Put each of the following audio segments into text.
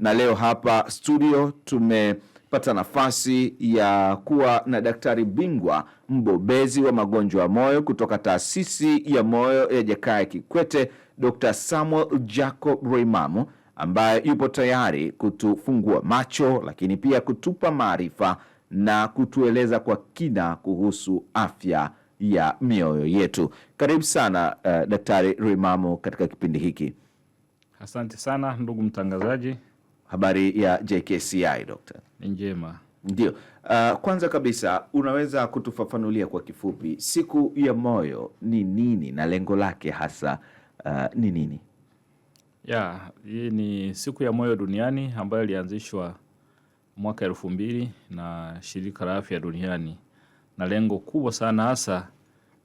na leo hapa studio tumepata nafasi ya kuwa na daktari bingwa mbobezi wa magonjwa ya moyo kutoka taasisi ya moyo ya Jakaya Kikwete, Dr. Samuel Jacob Reimamu ambaye yupo tayari kutufungua macho lakini pia kutupa maarifa na kutueleza kwa kina kuhusu afya ya mioyo yetu. Karibu sana uh, Daktari Reimamu katika kipindi hiki. Asante sana ndugu mtangazaji habari ya JKCI ni Njema. Ndio. Uh, kwanza kabisa unaweza kutufafanulia kwa kifupi siku ya moyo ni nini na lengo lake hasa ah, ni nini? Ya, hii ni siku ya moyo duniani ambayo ilianzishwa mwaka elfu mbili na shirika la afya duniani, na lengo kubwa sana hasa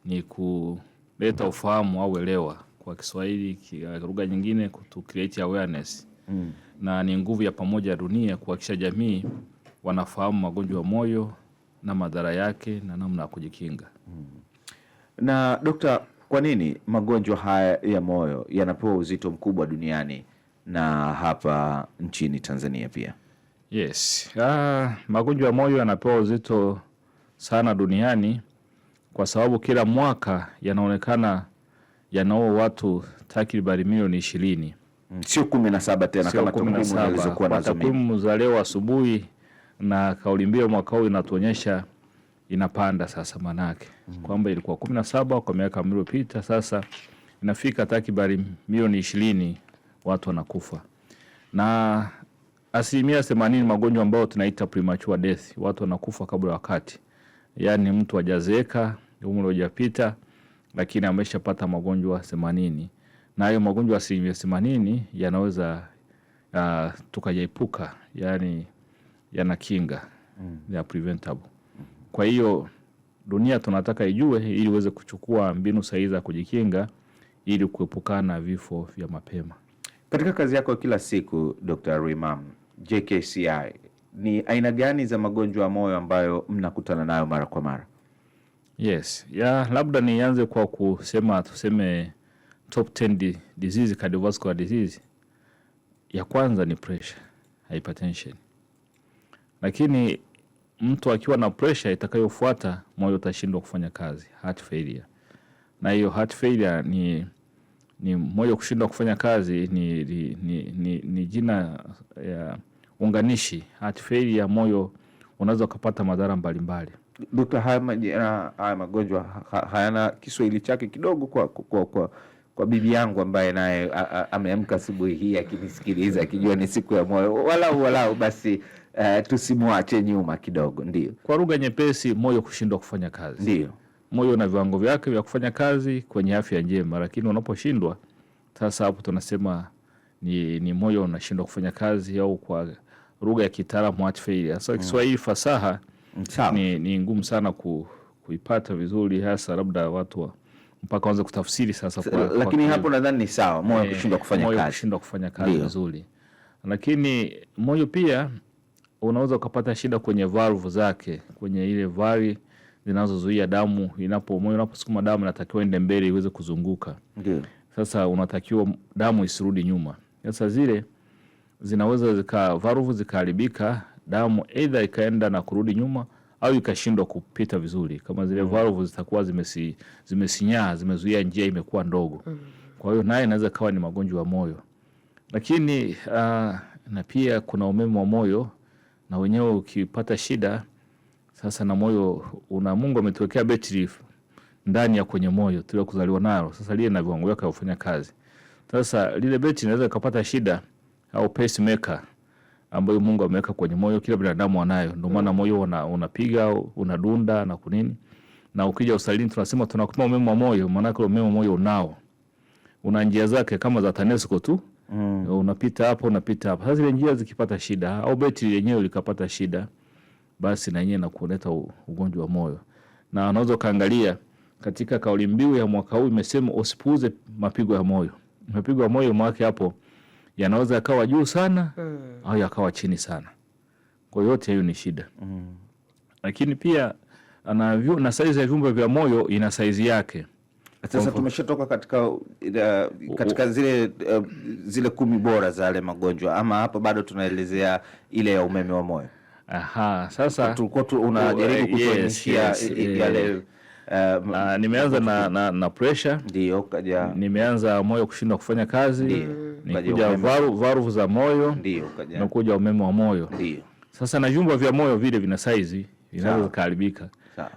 ni kuleta ufahamu au uelewa, kwa Kiswahili, kwa lugha nyingine, kutu create awareness na ni nguvu ya pamoja ya dunia kuhakikisha jamii wanafahamu magonjwa ya moyo na madhara yake na namna ya kujikinga na dokta, kwa nini magonjwa haya ya moyo yanapewa uzito mkubwa duniani na hapa nchini Tanzania pia? Yes. Ah, magonjwa ya moyo yanapewa uzito sana duniani kwa sababu kila mwaka yanaonekana yanaua watu takribani milioni ishirini. Mm, sio kumi na saba tena kama alizokuwa nazo. Takwimu za leo asubuhi na kauli mbiu mwaka huu inatuonyesha inapanda sasa, manake mm. kwamba ilikuwa kumi na saba kwa miaka iliyopita, sasa inafika takribani milioni ishirini watu wanakufa, na asilimia themanini magonjwa ambayo tunaita premature death, watu wanakufa kabla ya wakati, yaani mtu hajazeeka umri hujapita, lakini ameshapata magonjwa themanini na hayo magonjwa ya asilimia themanini yanaweza uh, tukayaepuka, yani yana kinga mm. ya preventable. Kwa hiyo dunia tunataka ijue, ili iweze kuchukua mbinu sahihi za kujikinga ili kuepukana vifo vya mapema. Katika kazi yako kila siku, Dr. Rimam, JKCI ni aina gani za magonjwa ya moyo ambayo mnakutana nayo mara kwa mara? Yes, ya labda nianze kwa kusema tuseme top 10 di disease cardiovascular disease, ya kwanza ni pressure, hypertension. Lakini mtu akiwa na pressure itakayofuata, moyo utashindwa kufanya kazi, heart failure. Na hiyo heart failure ni ni moyo kushindwa kufanya kazi ni, ni, ni, ni, ni jina ya unganishi. Heart failure ya moyo unaweza ukapata madhara mbalimbali. Dokta, haya majina haya magonjwa hayana Kiswahili chake kidogo kwa, kwa, kwa kwa bibi yangu ambaye naye ameamka asubuhi hii akinisikiliza akijua ni siku ya moyo, walau walau basi uh, tusimwache nyuma kidogo. Ndio, kwa lugha nyepesi, moyo kushindwa kufanya kazi. Ndio, moyo na viwango vyake vya kufanya kazi kwenye afya njema, lakini unaposhindwa sasa, hapo tunasema ni, ni moyo unashindwa kufanya kazi, au kwa lugha ya kitaalamu heart failure. Sasa Kiswahili mm. fasaha ni, ni ngumu sana ku, kuipata vizuri, hasa labda watu wa mpaka anze kutafsiri sasa kwa, lakini kwa hapo nadhani ni sawa moyo e, kushindwa kufanya moyo kazi, kushindwa kufanya kazi vizuri, lakini moyo pia unaweza ukapata shida kwenye valve zake, kwenye ile vali zinazozuia damu inapo moyo unaposukuma damu inatakiwa ende mbele iweze kuzunguka. Ndiyo. Sasa unatakiwa damu isirudi nyuma. Sasa zile zinaweza zika valve zikaharibika, damu aidha ikaenda na kurudi nyuma au ikashindwa kupita vizuri, kama zile mm. valvu zitakuwa zimesi, zimesinyaa zimezuia njia imekuwa ndogo mm. kwa hiyo naye inaweza kawa ni magonjwa ya moyo, lakini uh, na pia kuna umeme wa moyo na wenyewe ukipata shida sasa, na moyo una Mungu ametuwekea betri ndani ya kwenye moyo tulio kuzaliwa nalo, sasa lile na viwango vyake hufanya kazi. Sasa lile betri inaweza kupata shida au pacemaker ambayo Mungu ameweka kwenye moyo, kila binadamu anayo. Ndio maana mm. moyo unapiga una unadunda na kunini, na ukija usalini tunasema tunakupa umeme wa moyo, maana umeme wa moyo unao, una njia zake kama za TANESCO tu mm. unapita hapo unapita hapo. Sasa zile njia zikipata shida au betri yenyewe likapata shida, basi na yenyewe nakuleta ugonjwa wa moyo, na unaweza ukaangalia katika kauli mbiu ya mwaka huu imesema usipuuze mapigo ya moyo. Mapigo ya moyo maake hapo yanaweza yakawa juu sana mm. au yakawa chini sana. Kwa yote hiyo ni shida mm. Lakini pia na, na saizi ya vyumba vya moyo ina saizi yake. Sasa tumeshatoka katika, katika zile, uh, zile kumi bora za yale magonjwa ama hapo bado tunaelezea ile ya umeme wa moyo. Aha, sasa tulikuwa unajaribu kutuonyeshia yale nimeanza na, na, na pressure ndio kaja nimeanza moyo kushindwa kufanya kazi kuja varu, varuvu za moyo na kuja umeme wa moyo Ndiyo. Sasa na vyumba vya moyo vile vina saizi vinaweza kuharibika,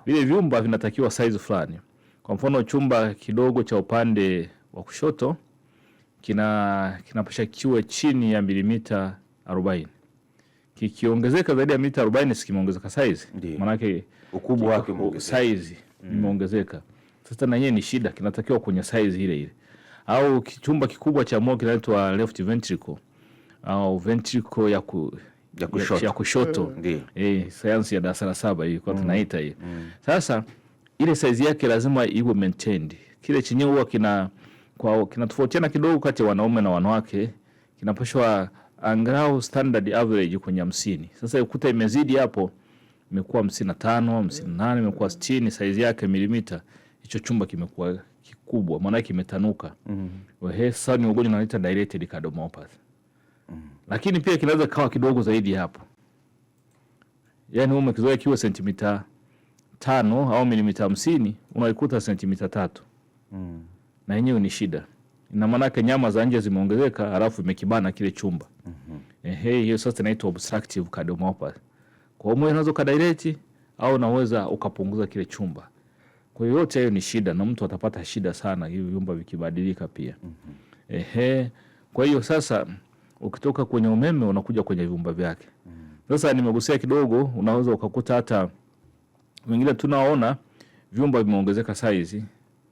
vile vyumba vinatakiwa saizi fulani. Kwa mfano chumba kidogo cha upande wa kushoto kina kinapasha kiwe chini ya milimita arobaini kikiongezeka zaidi ya mita arobaini sikimeongezeka saizi, maanake ukubwa wake saizi mm. imeongezeka. Sasa na yeye ni shida, kinatakiwa kwenye saizi ile ile au chumba kikubwa cha moyo kinaitwa left ventricle au ventricle ya ku ya kushoto, ya kushoto. Eh. Ndio. Eh, sayansi ya darasa la saba hii kwa mm. tunaita hii. Mm. Sasa ile size yake lazima iwe maintained. Kile chenye huwa kina kwa kinatofautiana kidogo kati ya wanaume na wanawake, kinapashwa angalau standard average kwenye hamsini. Sasa ukuta imezidi hapo, imekuwa hamsini na tano, hamsini na nane, imekuwa sitini, size yake milimita, hicho chumba kimekuwa kikubwa, maana kimetanuka. mm -hmm. Wehesa ni ugonjwa unaita dilated cardiomyopathy. mm -hmm. Lakini pia kinaweza kawa kidogo zaidi hapo, yaani wewe umekizoea kiwe sentimita tano au milimita hamsini unaikuta sentimita tatu. mm. hmm na yenyewe ni shida, ina maanake nyama za nje zimeongezeka, alafu imekibana kile chumba. mm -hmm. Ehe, hiyo sasa inaitwa obstructive cardiomyopathy. Kwa hiyo unaweza ukadirect au unaweza ukapunguza kile chumba kwa hiyo yote hayo ni shida na mtu atapata shida sana hivi vyumba vikibadilika pia. Mm -hmm. Ehe. Kwa hiyo sasa ukitoka kwenye umeme unakuja kwenye vyumba vyake. Mm -hmm. Sasa nimegusia kidogo, unaweza ukakuta hata wengine tunaona vyumba vimeongezeka saizi,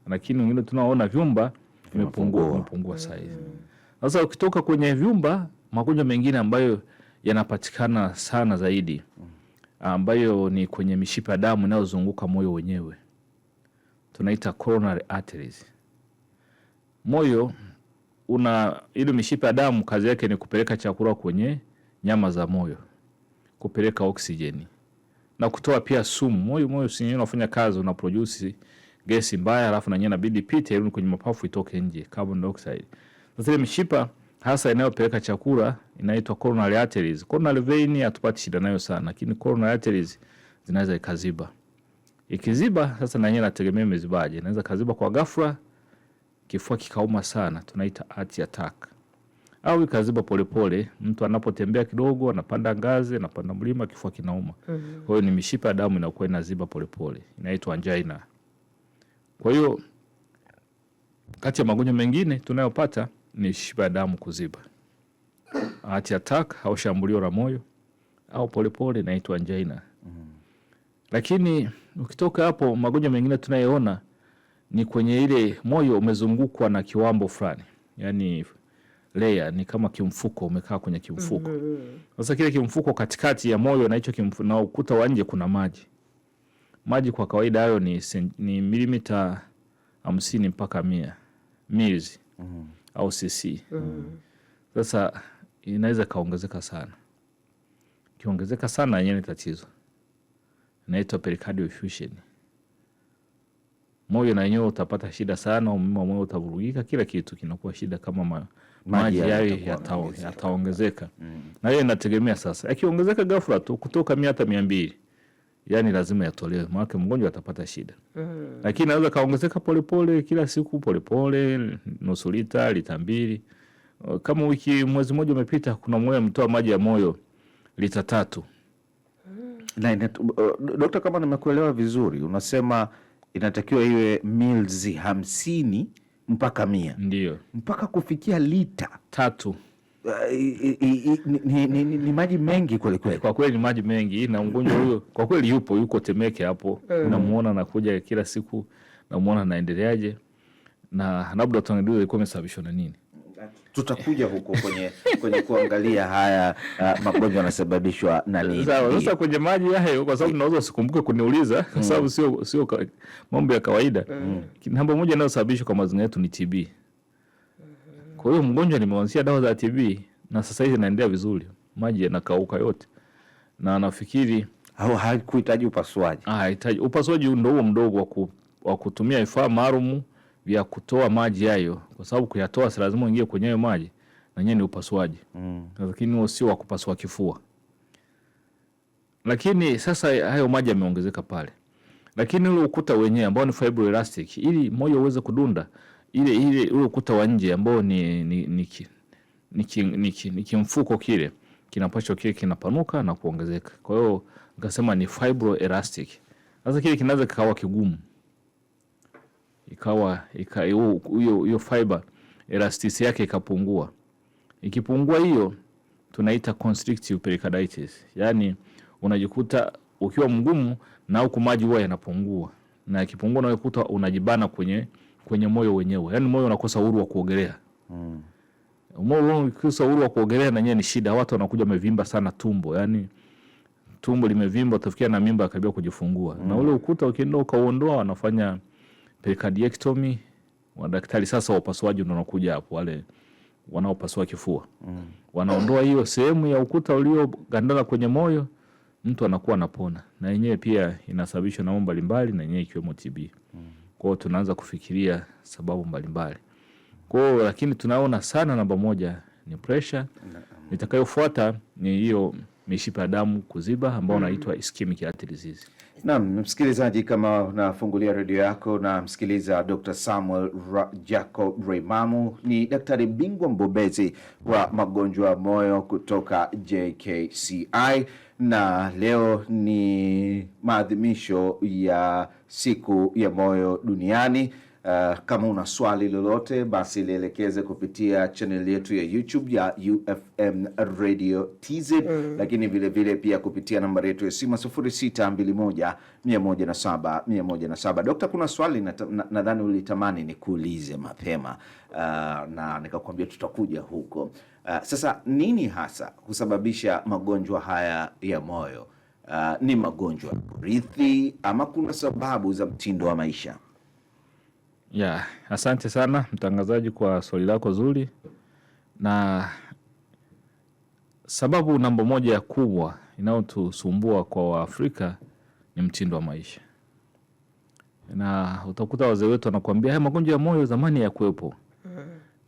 lakini wengine tunaona vyumba vimepungua vimepungua saizi. Mm. Sasa ukitoka kwenye vyumba, magonjwa mengine ambayo yanapatikana sana zaidi mm. ambayo ni kwenye mishipa ya damu inayozunguka moyo wenyewe tunaita coronary arteries. Moyo una ile mishipa ya damu kazi yake ni kupeleka chakula kwenye nyama za moyo, kupeleka oksijeni na kutoa pia sumu. Moyo moyo si yeye unafanya kazi, una produce gesi mbaya, alafu na inabidi pite ili kwenye mapafu itoke nje carbon dioxide. Sasa ile mishipa hasa inayopeleka chakula inaitwa coronary arteries. Coronary vein hatupati shida nayo sana, lakini coronary arteries zinaweza ikaziba. Ikiziba sasa na yeye anategemea imezibaje. Inaweza kaziba kwa ghafla kifua kikauma sana, tunaita heart attack. Au ikaziba polepole, mtu anapotembea kidogo, anapanda ngazi, anapanda mlima, kifua kinauma. Mm -hmm. Kwa hiyo ni mishipa ya damu inakuwa inaziba polepole. Inaitwa angina. Kwa hiyo kati ya magonjwa mengine tunayopata ni mishipa ya damu kuziba. Heart attack au shambulio la moyo au polepole inaitwa angina. Mm -hmm. Lakini Ukitoka hapo, magonjwa mengine tunayoona ni kwenye ile moyo umezungukwa na kiwambo fulani, yani leya ni kama kimfuko umekaa kwenye kimfuko. Mm-hmm. Sasa kile kimfuko katikati ya moyo na hicho kimfuko na ukuta wa nje kuna maji. Maji kwa kawaida hayo ni, ni milimita hamsini mpaka mia mils mm. Mm-hmm. au cc mm-hmm. sasa mm. inaweza kaongezeka sana, kiongezeka sana yenyewe ni tatizo inaitwa pericardial effusion. Moyo na yenyewe utapata shida sana, umeme wa moyo utavurugika, kila kitu kinakuwa shida, kama ma, maji yayo yataongezeka mm. na hiyo inategemea sasa, akiongezeka ghafla tu kutoka mia hata mia mbili yani lazima yatolewe, maana mgonjwa atapata shida mm. Lakini anaweza kaongezeka polepole kila siku polepole, nusu lita, lita mbili. Kama wiki mwezi mmoja umepita, kuna mmoja ametoa maji ya moyo lita tatu na uh, Dokta, kama nimekuelewa vizuri, unasema inatakiwa iwe milzi hamsini mpaka mia ndio mpaka kufikia lita tatu. Uh, i, i, ni, ni, ni, ni maji mengi kwelikweli, kwa kweli ni maji mengi, na mgonjwa huyo kwa kweli yupo yuko Temeke hapo, eh. eh. namwona nakuja kila siku, namwona naendeleaje, na labda tuangalie ilikuwa imesababishwa na nini tutakuja huko kwenye, kwenye kuangalia haya uh, magonjwa yanasababishwa na nini. Sasa kwenye maji hayo, kwa sababu naweza usikumbuke kuniuliza kwa mm. sababu sio sio mambo ya kawaida mm. Namba moja inayosababishwa kwa mazingira yetu ni TB. Kwa hiyo mgonjwa nimeanzia dawa za TB na sasa hivi naendelea vizuri, maji yanakauka yote na nafikiri hakuhitaji upasuaji. Ah, hitaji upasuaji, ndio huo mdogo wa kutumia ifaa maalumu vya kutoa maji hayo, kwa sababu kuyatoa si lazima uingie kwenye hayo maji, na nyewe ni upasuaji mm. Lakini huo sio wa kupasua kifua. Lakini sasa hayo maji yameongezeka pale, lakini ule ukuta wenyewe ambao ni fibroelastic, ili moyo uweze kudunda ile ile, ule ukuta wa nje ambao ni ni, ni, ni, ni kimfuko kile kinapacho kile kinapanuka na kuongezeka. Kwa hiyo nikasema ni fibroelastic. Sasa kile kinaweza kikawa kigumu ikawa hiyo fiber elasticity yake ikapungua. Ikipungua hiyo tunaita constrictive pericarditis, yani unajikuta ukiwa mgumu na huku maji huwa yanapungua, na ikipungua na unakuta unajibana kwenye, kwenye moyo wenyewe, yani moyo unakosa uhuru wa kuogelea mm. Moyo unakosa uhuru wa kuogelea na nyewe ni shida. Watu wanakuja wamevimba sana tumbo, yani tumbo limevimba, utafikia na mimba akabia kujifungua mm. na hmm. ule ukuta ukienda ukauondoa wanafanya pericardiectomy, madaktari sasa wa upasuaji ndio wanakuja hapo, wale wanaopasua kifua mm. wanaondoa hiyo sehemu ya ukuta uliogandana kwenye moyo, mtu anakuwa anapona, na yenyewe pia inasababishwa na mambo mbalimbali, na yenyewe ikiwemo TB mm. kwao tunaanza kufikiria sababu mbalimbali kwao, lakini tunaona sana namba moja ni pressure mm. itakayofuata ni hiyo mishipa ya damu kuziba, ambao unaitwa mm. ischemic heart disease Naam, msikilizaji, kama unafungulia redio yako na msikiliza Dr. Samuel Ra Jacob Reimamu ni daktari bingwa mbobezi wa magonjwa ya moyo kutoka JKCI, na leo ni maadhimisho ya siku ya moyo duniani Uh, kama una swali lolote basi lielekeze kupitia channel yetu ya YouTube ya UFM Radio TZ mm. Lakini vilevile vile pia kupitia nambari yetu ya simu 0621 107 Dokta, kuna swali nadhani na, na ulitamani nikuulize mapema uh, na nikakwambia tutakuja huko uh, sasa nini hasa husababisha magonjwa haya ya moyo? Uh, ni magonjwa ya kurithi ama kuna sababu za mtindo wa maisha? Ya, asante sana mtangazaji kwa swali lako zuri, na sababu namba moja ya kubwa inayotusumbua kwa Waafrika ni mtindo wa maisha, na utakuta wazee wetu wanakuambia haya magonjwa ya moyo zamani yakuwepo.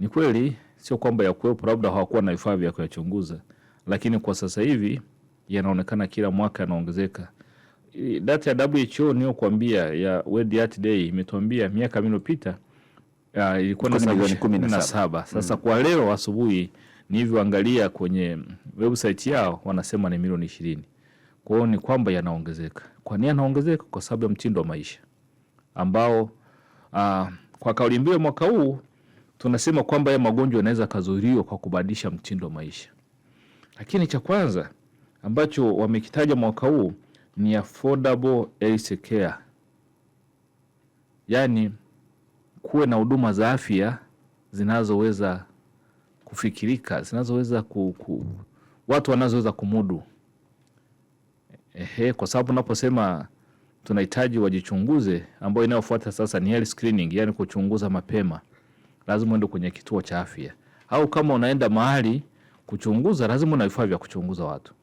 Ni kweli, sio kwamba yakuwepo, labda hawakuwa na vifaa vya kuyachunguza, lakini kwa sasa hivi yanaonekana kila mwaka yanaongezeka data ya WHO niyokuambia ya World Heart Day imetuambia miaka minopita uh, ah, ilikuwa na milioni kumi na saba. Sasa mm. kwa leo asubuhi nilivyoangalia kwenye website yao wanasema ni milioni ishirini. Kwa hiyo ni kwamba yanaongezeka. Kwa nini yanaongezeka? Kwa sababu ya mtindo wa maisha ambao uh, kwa kauli mbiu mwaka huu tunasema kwamba ya magonjwa yanaweza kazuiliwa kwa kubadilisha mtindo wa maisha, lakini cha kwanza ambacho wamekitaja mwaka huu ni affordable health care, yaani kuwe na huduma za afya zinazoweza kufikirika, zinazoweza ku, ku, watu wanazoweza kumudu. Ehe, kwa sababu naposema tunahitaji wajichunguze, ambayo inayofuata sasa ni health screening, yaani kuchunguza mapema, lazima uende kwenye kituo cha afya, au kama unaenda mahali kuchunguza, lazima una vifaa vya kuchunguza watu.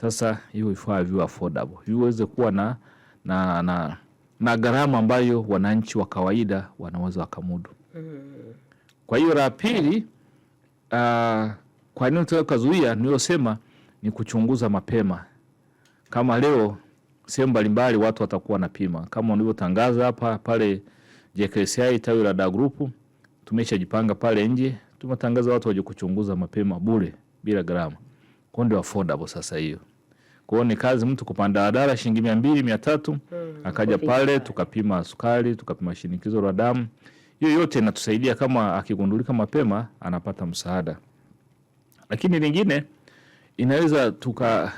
Sasa hiyo vifaa viwe affordable, viweze kuwa na, na, na, na gharama ambayo wananchi wa kawaida wanaweza wakamudu. Kwa hiyo la pili, uh, kwa nini tunataka kuzuia, niliosema ni kuchunguza mapema. Kama leo sehemu mbalimbali watu watakuwa wanapima kama ulivyotangaza hapa pale JKCI tawi la Da Group, tumeshajipanga pale nje, tumetangaza watu waje kuchunguza mapema bure bila gharama. mm kwao ndio affordable sasa hiyo. Kwa hiyo ni kazi mtu kupanda daladala shilingi mia mbili mia tatu hmm. akaja pale tukapima sukari tukapima shinikizo la damu. Hiyo yote inatusaidia kama akigundulika mapema anapata msaada. Lakini lingine inaweza tuka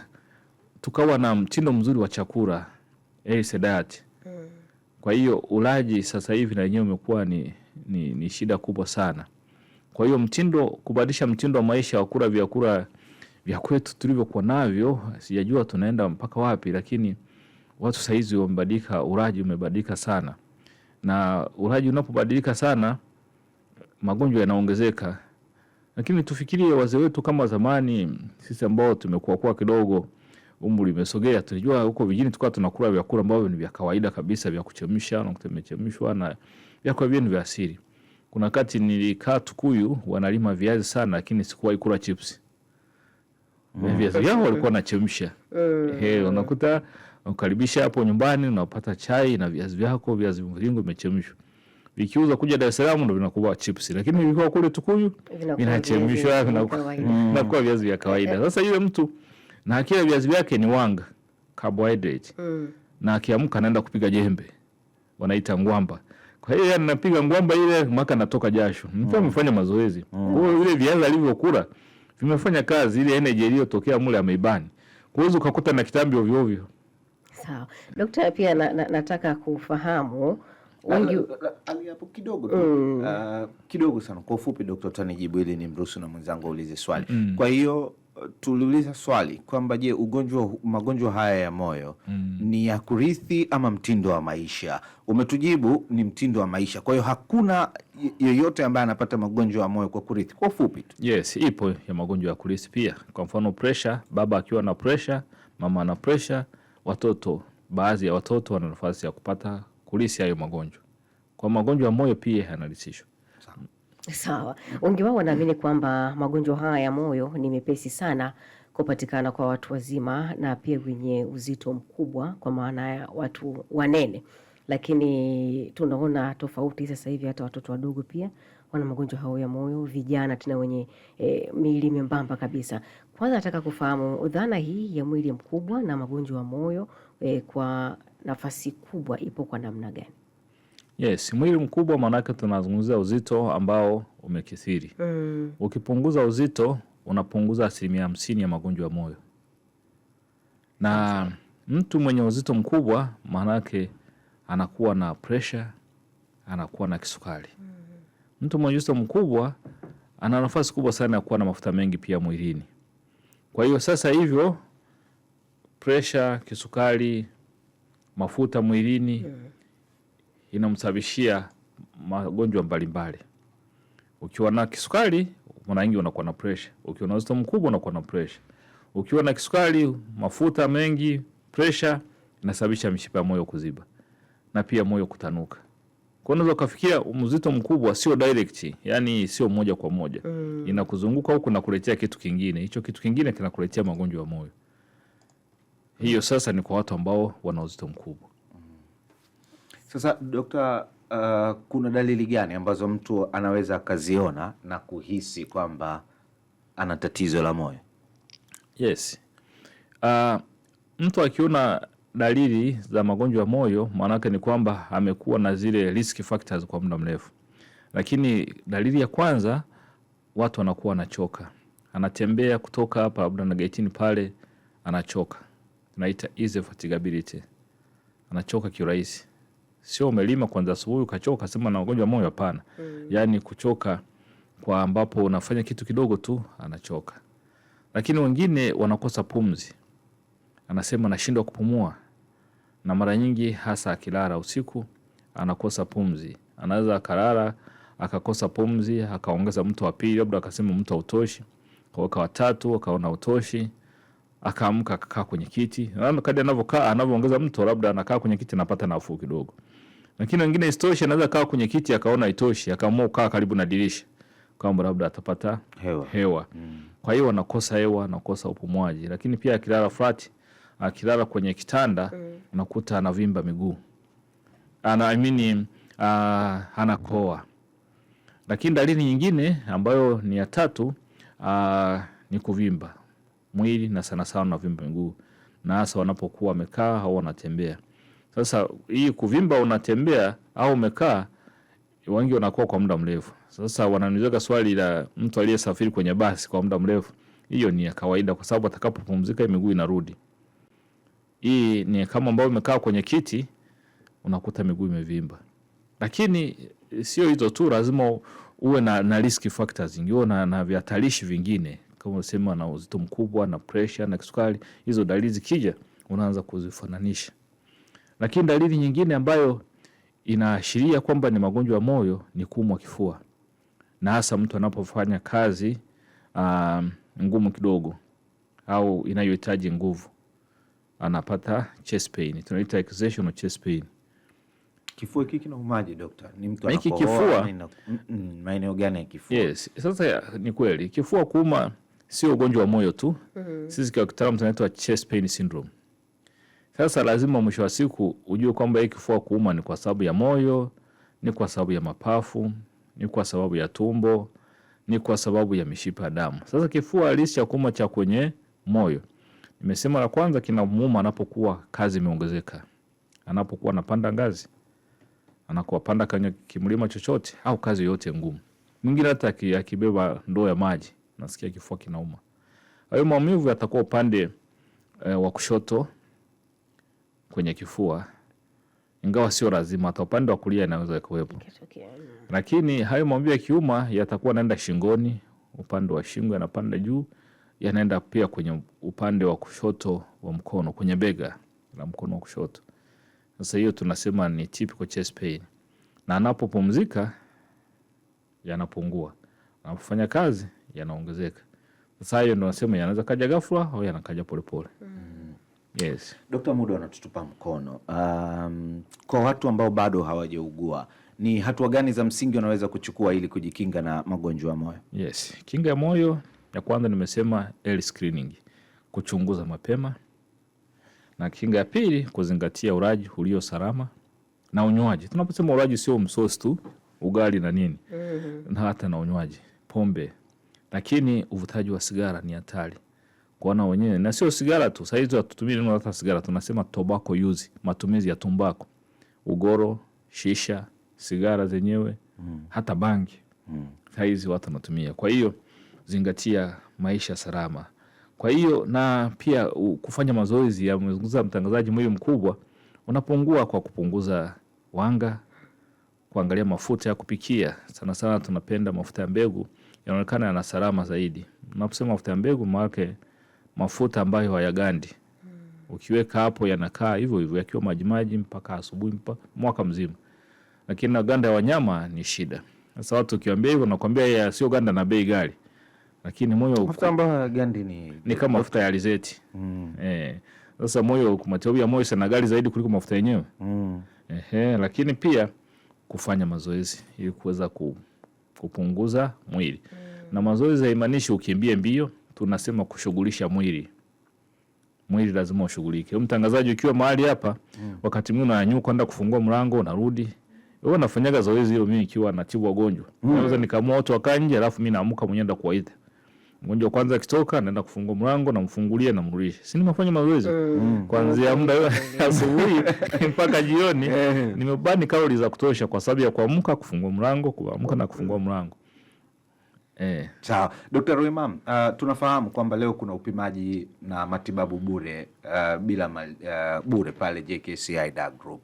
tukawa na mtindo mzuri wa chakula else eh, diet. Hmm. Kwa hiyo ulaji sasa hivi na wenyewe umekuwa ni, ni, ni shida kubwa sana. Kwa hiyo mtindo kubadilisha mtindo wa maisha wa kula vyakula vya kwetu tulivyokuwa navyo, sijajua tunaenda mpaka wapi, lakini watu saizi wamebadilika, uraji umebadilika sana, na uraji unapobadilika sana magonjwa yanaongezeka. Lakini tufikirie wazee wetu kama zamani, sisi ambao tumekuwa kwa kidogo, umri umesogea, tulijua huko vijijini tukawa tunakula vyakula ambavyo ni vya kawaida kabisa, vya kuchemsha na kutemechemshwa na vyakula vyenu vya asili. Kuna wakati nilikaa Tukuyu wanalima viazi sana, lakini sikuwahi kula chipsi mm. viazi vyao walikuwa wanachemsha eh, unakuta ukaribisha hapo nyumbani, unapata chai na viazi vyako, viazi mviringo vimechemshwa vikiuza kuja Dar es Salaam ndo vinakuwa chips, lakini vikiwa kule Tukuyu vinachemshwa vinakuwa viazi vya kawaida. Eh. Sasa yule mtu na akila viazi vyake ni wanga carbohydrate mm. na akiamka anaenda kupiga jembe wanaita ngwamba. Kwa hiyo anapiga ngwamba ile mpaka anatoka jasho, mtu mm. amefanya mazoezi. Kwa mm. hiyo yule viazi alivyokula vimefanya kazi, ile energy iliyotokea mule ameibani, huwezi ukakuta na kitambi ovyo ovyo. Sawa daktari, pia na, na, nataka kufahamu ah, hapo kidogo tu mm. Uh, kidogo sana kwa ufupi, Dkt. Tanijibu ili ni mruhusu na mwenzangu aulize swali mm. Kwa hiyo tuliuliza swali kwamba je, ugonjwa magonjwa haya ya moyo mm. ni ya kurithi ama mtindo wa maisha? Umetujibu ni mtindo wa maisha. Kwa hiyo hakuna yeyote ambaye anapata magonjwa ya moyo kwa kurithi. Kwa ufupi tu, yes, ipo ya magonjwa ya kurithi pia. Kwa mfano presha, baba akiwa na presha, mama ana presha, watoto, baadhi ya watoto wana nafasi ya kupata kurithi hayo magonjwa. Kwa magonjwa ya moyo pia yanarithishwa. Sawa. Wengi wao wanaamini kwamba magonjwa haya ya moyo ni mepesi sana kupatikana kwa watu wazima na pia wenye uzito mkubwa, kwa maana ya watu wanene, lakini tunaona tofauti sasa hivi. Hata watoto wadogo pia wana magonjwa hayo ya moyo, vijana tena wenye e, miili membamba kabisa. Kwanza nataka kufahamu dhana hii ya mwili mkubwa na magonjwa ya moyo e, kwa nafasi kubwa ipo kwa namna gani? Yes, mwili mkubwa maanake tunazungumzia uzito ambao umekithiri. Mm. Ukipunguza uzito unapunguza asilimia hamsini ya magonjwa ya moyo, na mtu mwenye uzito mkubwa maanake anakuwa na presha, anakuwa na kisukari. Mm. Mtu mwenye uzito mkubwa ana nafasi kubwa sana ya kuwa na mafuta mengi pia mwilini. Kwa hiyo sasa hivyo presha, kisukari, mafuta mwilini. Mm inamsababishia magonjwa mbalimbali. Ukiwa na kisukari, mara nyingi unakuwa na pressure. Ukiwa na uzito mkubwa, unakuwa na pressure. Ukiwa na kisukari, mafuta mengi, pressure inasababisha mishipa ya moyo kuziba na pia moyo kutanuka. Kwa hiyo unaweza ukafikia mzito mkubwa, sio direct, yani sio moja kwa moja mm. Inakuzunguka huku na kuletea kitu kingine, hicho kitu kingine kinakuletea magonjwa ya moyo. Hiyo sasa ni kwa watu ambao wana uzito mkubwa. Sasa dokta, uh, kuna dalili gani ambazo mtu anaweza akaziona na kuhisi kwamba ana tatizo la moyo? Yes. Uh, mtu akiona dalili za magonjwa ya moyo maanake ni kwamba amekuwa na zile risk factors kwa muda mrefu. Lakini dalili ya kwanza, watu wanakuwa wanachoka, anatembea kutoka hapa labda na getini pale, anachoka, tunaita easy fatigability, anachoka kiurahisi sio umelima kwanza asubuhi ukachoka sema na ugonjwa moyo. Hapana, mm. yaani kuchoka kwa ambapo unafanya kitu kidogo tu anachoka. Lakini wengine wanakosa pumzi, anasema anashindwa kupumua, na mara nyingi hasa akilala usiku anakosa pumzi. Anaweza akalala akakosa pumzi, akaongeza mtu wa pili, labda akasema mtu hautoshi, kaweka watatu, akaona hautoshi, akaamka akakaa kwenye kiti. Kadi anavyokaa anavyoongeza mtu, labda anakaa kwenye kiti anapata nafuu kidogo. Lakini wengine isitoshe, anaweza kaa kwenye kiti akaona itoshi, akaamua kukaa karibu na dirisha kwamba labda atapata hewa, hewa. Mm. Kwa hiyo anakosa hewa, anakosa upumuaji, lakini pia akilala flat, akilala kwenye kitanda mm. unakuta anavimba miguu ana mean, uh, anakoa. Lakini dalili nyingine ambayo ni ya tatu uh, ni kuvimba mwili na sana sana unavimba miguu na hasa wanapokuwa wamekaa au wanatembea. Sasa hii kuvimba unatembea au umekaa, wengi wanakuwa kwa muda mrefu. Sasa wananiweka swali la mtu aliyesafiri kwenye basi kwa muda mrefu, hiyo ni ya kawaida kwa sababu atakapopumzika miguu inarudi. Hii ni kama ambao umekaa kwenye kiti unakuta miguu imevimba. Lakini sio hizo tu, lazima uwe na, na risk factors nyingi, na, na vihatarishi vingine kama unasema na uzito mkubwa na pressure na kisukari. Hizo dalili zikija unaanza kuzifananisha. Lakini dalili nyingine ambayo inaashiria kwamba ni magonjwa ya moyo ni kuumwa kifua, na hasa mtu anapofanya kazi um, ngumu kidogo au inayohitaji nguvu, anapata chest pain, tunaita exertional chest pain. Kifua hiki kinaumaje dokta? Ni mtu anakohoa mm, mm, maeneo gani ya kifua? Yes, sasa ni kweli kifua kuuma sio ugonjwa wa moyo tu. mm -hmm. Sisi kwa kitaalamu tunaitwa chest pain syndrome sasa lazima mwisho wa siku ujue kwamba hii kifua kuuma ni kwa sababu ya moyo, ni kwa sababu ya mapafu, ni kwa sababu ya tumbo, ni kwa sababu ya mishipa ya damu. Sasa kifua halisi cha kuuma cha kwenye moyo, nimesema la kwanza kinamuuma anapokuwa kazi imeongezeka, anapokuwa anapanda ngazi, anakuwa panda kwenye kimlima chochote au kazi yoyote ngumu. Mwingine hata akibeba ndoo ya maji nasikia kifua kinauma. Hayo maumivu yatakuwa upande e, wa kushoto kwenye kifua, ingawa sio lazima. Hata upande wa kulia inaweza kuwepo, mm. lakini hayo maumivu ya kiuma yatakuwa naenda shingoni, upande wa shingo yanapanda juu, yanaenda pia kwenye upande wa kushoto wa mkono, kwenye bega la mkono wa kushoto. Sasa hiyo tunasema ni typical chest pain, na anapopumzika yanapungua, anapofanya kazi yanaongezeka. Sasa hiyo ndo nasema yanaweza kaja ghafla au yanakaja polepole. mm. Yes. Dr. Mudo anatutupa mkono. Um, kwa watu ambao bado hawajaugua ni hatua gani za msingi wanaweza kuchukua ili kujikinga na magonjwa ya moyo? Yes. Kinga ya moyo ya kwanza nimesema early screening, kuchunguza mapema, na kinga ya pili kuzingatia uraji ulio salama na unywaji. Tunaposema uraji sio msosi tu, ugali na nini, mm -hmm. na hata na unywaji pombe, lakini uvutaji wa sigara ni hatari kuona wenyewe, na sio sigara tu. Sahizi hatutumii neno hata sigara, tunasema tobacco use, matumizi ya tumbako, ugoro, shisha, sigara zenyewe mm. hata bangi mm. sahizi watu wanatumia. Kwa hiyo zingatia maisha salama. Kwa hiyo na pia kufanya mazoezi, yamezungumza mtangazaji, mwili mkubwa unapungua kwa kupunguza wanga, kuangalia mafuta ya kupikia. Sana sana tunapenda mafuta ya mbegu, yanaonekana yana salama zaidi. Unaposema mafuta ya mbegu maake mafuta ambayo hayagandi mm. Ukiweka hapo yanakaa hivyo hivyo yakiwa majimaji mpaka asubuhi mpaka mwaka mzima, lakini na ganda ya wanyama ni shida. Sasa watu ukiwaambia hivyo, nakwambia sio ganda na bei ghali, lakini moyo ni, ni kama mafuta ya alizeti mm. Eh, sasa moyo matibabu ya moyo sana ghali zaidi kuliko mafuta yenyewe mm. Ehe, lakini pia kufanya mazoezi ili kuweza kupunguza mwili mm. Na mazoezi haimaanishi ukimbie mbio tunasema kushughulisha mwili. Mwili lazima ushughulike. Mtangazaji, ukiwa mahali hapa yeah, wakati mwingine unanyuka kwenda kufungua mlango unarudi wewe unafanyaga zoezi hiyo, mimi nikiwa natibu wagonjwa mm. naweza nikamua watu wakaa nje, alafu mimi naamka mwenyewe ndo kuwaita mgonjwa kwanza, akitoka naenda kufungua mlango, namfungulia, namrudisha. Si nimefanya mazoezi eh. mm. kuanzia muda wa asubuhi eh. mpaka jioni, eh. nimebani kauli za kutosha, kwa sababu ya kuamka, kufungua mlango, kuamka na kufungua mlango. E. Sawa. Dr. Ruimam, uh, ah, tunafahamu kwamba leo kuna upimaji na matibabu bure uh, bila mal, uh, ah, bure pale JKCI Dark Group.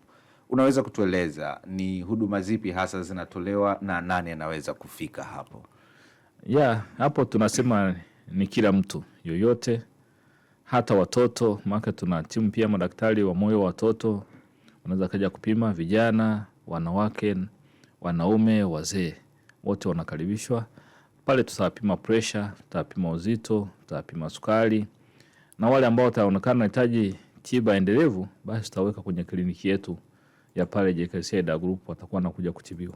Unaweza kutueleza ni huduma zipi hasa zinatolewa na nani anaweza kufika hapo? Yeah, hapo tunasema ni kila mtu yoyote, hata watoto, maana tuna timu pia madaktari wa moyo wa watoto wanaweza kaja kupima, vijana, wanawake, wanaume, wazee, wote wanakaribishwa pale tutapima pressure, tutapima uzito, tutapima sukari na wale ambao wataonekana wanahitaji tiba endelevu, basi tutaweka kwenye kliniki yetu ya pale JKCI Da Group, watakuwa wanakuja kutibiwa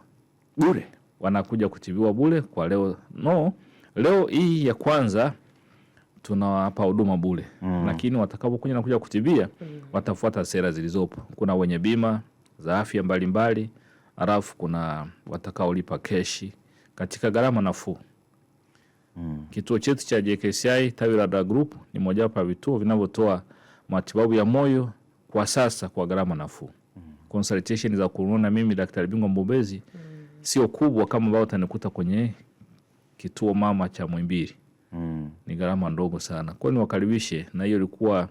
bure, wanakuja kutibiwa bure kwa leo no. Leo hii ya kwanza tunawapa huduma bure mm. Lakini watakapokuja na kuja kutibia mm. watafuata sera zilizopo. Kuna wenye bima za afya mbalimbali, alafu kuna watakaolipa keshi katika gharama nafuu. Mm. Kituo chetu cha JKCI tawi la Dar Group ni mojawapo ya vituo vinavyotoa matibabu ya moyo kwa sasa kwa gharama nafuu. Mm. Consultation za kuona mimi daktari bingwa mbobezi mm. sio kubwa kama ambao utanikuta kwenye kituo mama cha Mwimbili. Mm. Ni gharama ndogo sana. Kwa hiyo niwakaribishe na hiyo ilikuwa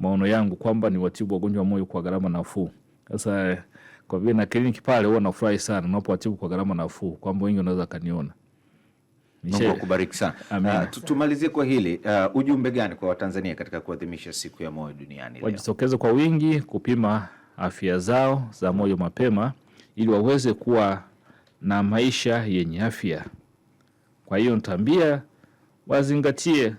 maono yangu kwamba ni watibu wagonjwa wa moyo kwa gharama nafuu. Sasa kwa vile na kliniki pale huwa nafurahi sana unapowatibu kwa gharama nafuu kwamba wengi wanaweza kaniona. Mungu akubariki sana. Uh, tumalizie kwa hili uh, ujumbe gani kwa Watanzania katika kuadhimisha siku ya moyo duniani? Wajitokeze kwa wingi kupima afya zao za moyo mapema ili waweze kuwa na maisha yenye afya. Kwa hiyo nitaambia wazingatie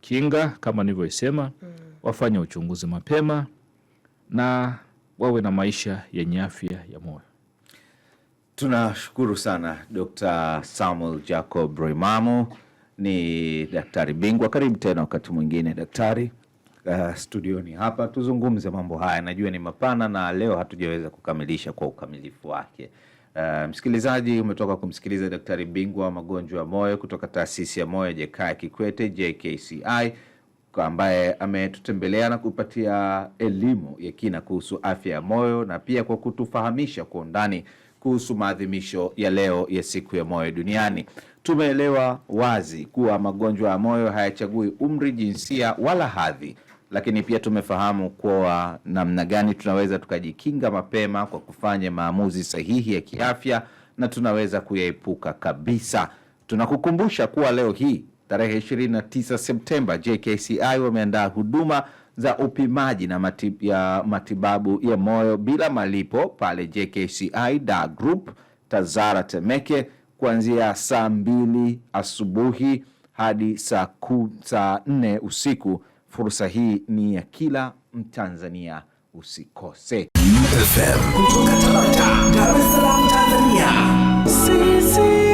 kinga kama nilivyosema, mm. wafanye uchunguzi mapema na wawe na maisha yenye afya ya moyo. Tunashukuru sana Dr. Samuel Jacob Ruimamu, ni daktari bingwa. Karibu tena wakati mwingine daktari, uh, studioni hapa tuzungumze mambo haya, najua ni mapana na leo hatujaweza kukamilisha kwa ukamilifu wake. Uh, msikilizaji, umetoka kumsikiliza daktari bingwa wa magonjwa ya moyo kutoka taasisi ya moyo Jakaya Kikwete JKCI ambaye ametutembelea na kupatia elimu ya kina kuhusu afya ya moyo na pia kwa kutufahamisha kwa undani kuhusu maadhimisho ya leo ya siku ya moyo duniani. Tumeelewa wazi kuwa magonjwa ya moyo hayachagui umri, jinsia wala hadhi, lakini pia tumefahamu kuwa namna gani tunaweza tukajikinga mapema kwa kufanya maamuzi sahihi ya kiafya na tunaweza kuyaepuka kabisa. Tunakukumbusha kuwa leo hii tarehe 29 Septemba, JKCI wameandaa huduma za upimaji na matib ya matibabu ya moyo bila malipo pale JKCI Da Group Tazara Temeke kuanzia saa mbili asubuhi hadi saa ku, saa nne usiku. Fursa hii ni ya kila Mtanzania, usikose. kutoka Tabata, Dar es Salaam, Tanzania.